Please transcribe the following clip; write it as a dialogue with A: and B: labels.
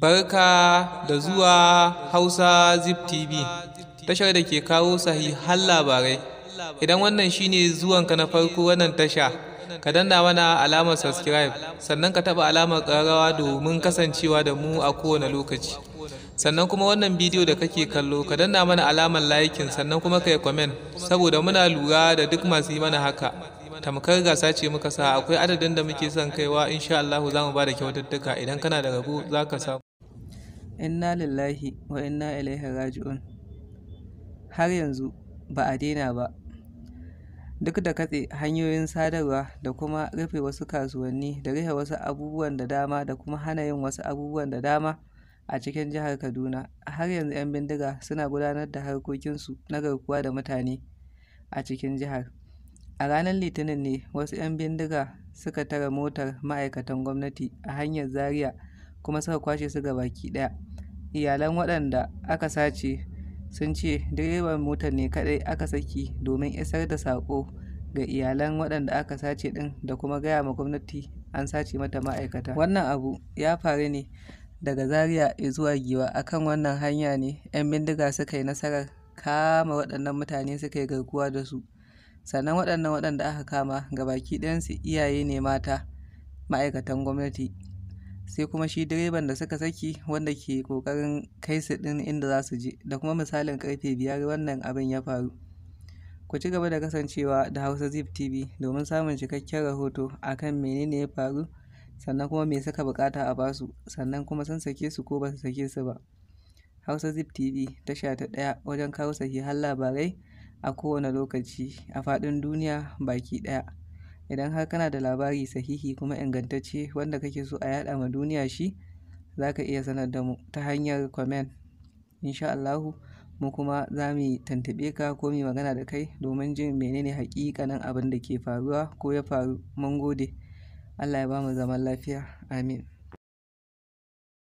A: Barka da zuwa Hausa Zip TV, tashar da ke kawo sahihan labarai. Idan wannan shine zuwanka na farko wannan tasha, ka danna mana alamar subscribe, sannan ka taɓa alamar ƙararrawa domin kasancewa da mu a kowane lokaci. Sannan kuma wannan bidiyo da kake kallo, ka danna mana alamar laikin sannan kuma ka yi comment, saboda muna lura da duk masu yi mana haka. tamkar gasa ce muka sa akwai adadin da muke son kaiwa insha Allah za mu ba da kyaututtuka idan kana da rabo za ka samu
B: Inna lillahi wa inna ilaihi raji'un. Har yanzu ba a daina ba. Duk da katse hanyoyin sadarwa da kuma rufe wasu kasuwanni da rufe wasu abubuwan da dama da kuma hana yin wasu abubuwan da dama a cikin jihar Kaduna, har yanzu 'yan bindiga suna gudanar da harkokinsu na garkuwa da mutane a cikin jihar. A ranar Litinin ne wasu 'yan bindiga suka tara motar ma'aikatan gwamnati a hanyar Zaria kuma suka kwashe su ga baki ɗaya. iyalan waɗanda aka sace sun ce direban motar ne kadai aka saki domin isar da saƙo ga iyalan waɗanda aka sace ɗin da kuma gaya ma gwamnati an sace mata ma'aikata wannan abu ya faru ne daga zaria zuwa giwa akan wannan hanya ne 'yan bindiga suka yi nasarar kama waɗannan mutane suka yi garkuwa da su sannan waɗannan waɗanda aka kama ga baki ɗayansu iyaye ne mata ma'aikatan gwamnati sai kuma shi direban da suka saki wanda ke kokarin kai su din inda za su je da kuma misalin karfe biyar wannan abin ya faru ku ci gaba da kasancewa da hausa zip tv domin samun cikakken rahoto akan menene ya faru sannan kuma me suka bukata a basu sannan kuma sun sake su ko ba su sake su ba hausa zip tv tasha ta ɗaya wajen kawo sahihan labarai a kowane lokaci a faɗin duniya baki ɗaya Idan har kana da labari sahihi kuma ingantacce wanda kake so a yaɗa ma duniya shi, za ka iya sanar da mu ta hanyar comment. Insha Allahu mu kuma za mu tantabe ka ko mu magana da kai domin jin menene haƙiƙanin abin da ke faruwa ko ya faru. Mun gode. Allah ya ba mu zaman lafiya. Amin.